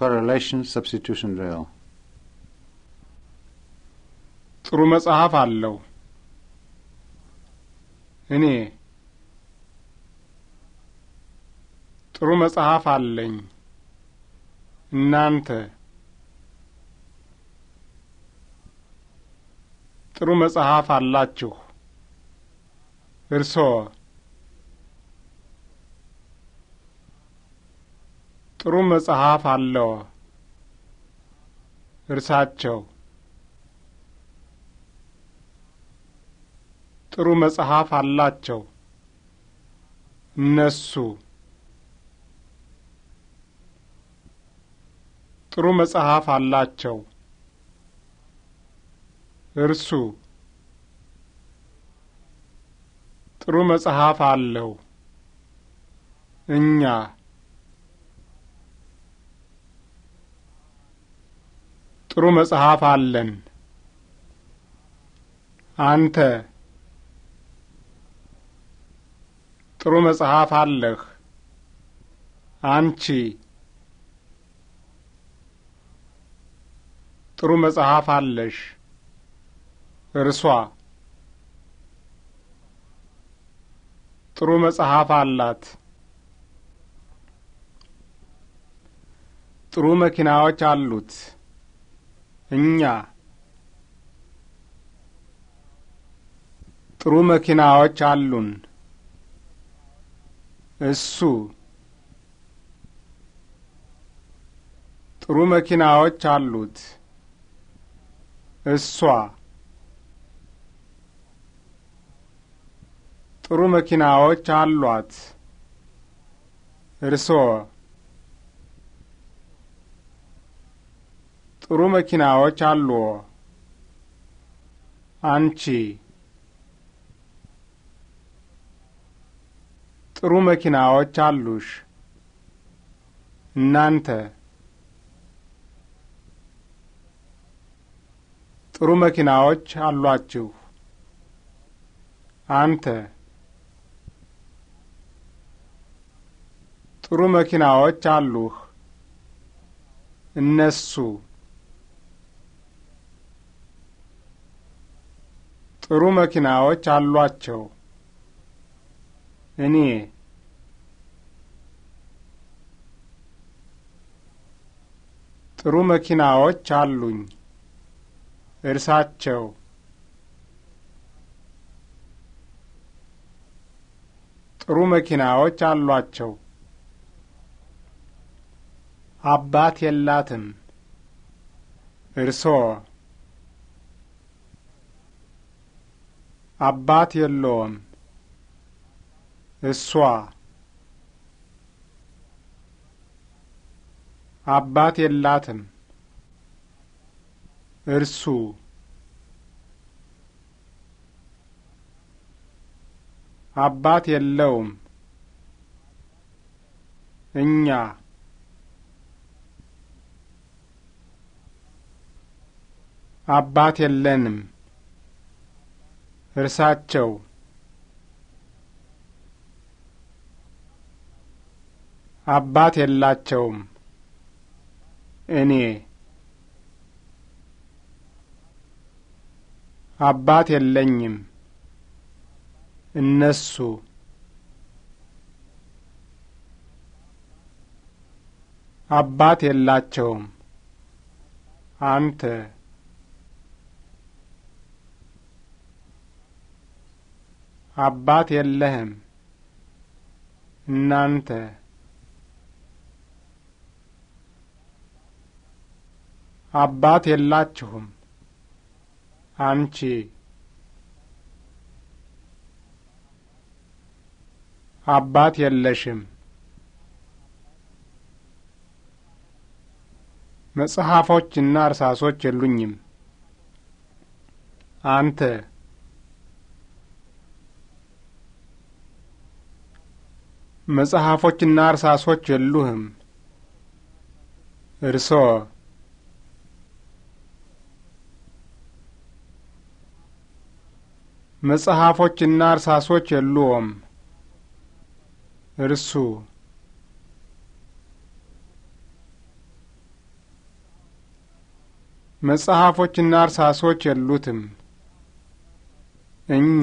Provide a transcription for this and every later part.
correlation substitution rule. ጥሩ መጽሐፍ አለው። እኔ ጥሩ መጽሐፍ አለኝ። እናንተ ጥሩ መጽሐፍ አላችሁ። እርስዎ ጥሩ መጽሐፍ አለው። እርሳቸው ጥሩ መጽሐፍ አላቸው። እነሱ ጥሩ መጽሐፍ አላቸው። እርሱ ጥሩ መጽሐፍ አለው። እኛ ጥሩ መጽሐፍ አለን። አንተ ጥሩ መጽሐፍ አለህ። አንቺ ጥሩ መጽሐፍ አለሽ። እርሷ ጥሩ መጽሐፍ አላት። ጥሩ መኪናዎች አሉት። እኛ ጥሩ መኪናዎች አሉን። እሱ ጥሩ መኪናዎች አሉት። እሷ ጥሩ መኪናዎች አሏት። እርሶ ጥሩ መኪናዎች አሉ። አንቺ ጥሩ መኪናዎች አሉሽ። እናንተ ጥሩ መኪናዎች አሏችሁ። አንተ ጥሩ መኪናዎች አሉህ። እነሱ ጥሩ መኪናዎች አሏቸው። እኔ ጥሩ መኪናዎች አሉኝ። እርሳቸው ጥሩ መኪናዎች አሏቸው። አባት የላትም። እርሶ አባት የለውም። እሷ አባት የላትም። እርሱ አባት የለውም። እኛ አባት የለንም። እርሳቸው አባት የላቸውም። እኔ አባት የለኝም። እነሱ አባት የላቸውም። አንተ አባት የለህም። እናንተ አባት የላችሁም። አንቺ አባት የለሽም። መጽሐፎችና እርሳሶች የሉኝም። አንተ መጽሐፎችና እርሳሶች የሉህም። እርሶ መጽሐፎችና እርሳሶች የሉዎም። እርሱ መጽሐፎችና እርሳሶች የሉትም። እኛ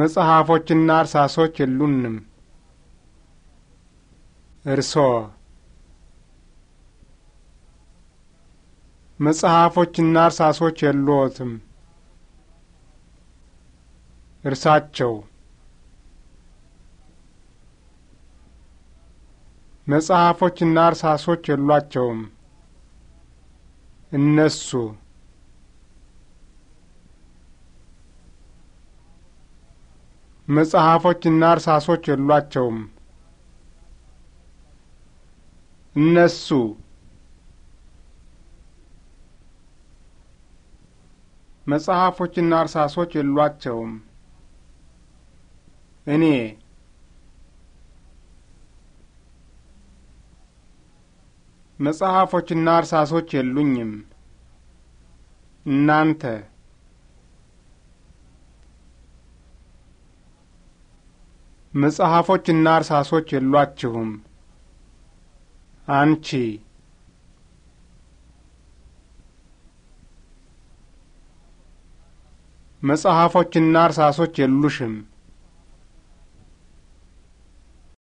መጽሐፎችና እርሳሶች የሉንም። እርሶ መጽሐፎችና እርሳሶች የሉዎትም። እርሳቸው መጽሐፎችና እርሳሶች የሏቸውም። እነሱ መጽሐፎችና እርሳሶች የሏቸውም። እነሱ መጽሐፎችና እርሳሶች የሏቸውም። እኔ መጽሐፎችና እርሳሶች የሉኝም። እናንተ መጽሐፎችና እርሳሶች የሏችሁም። አንቺ መጽሐፎችና እርሳሶች የሉሽም።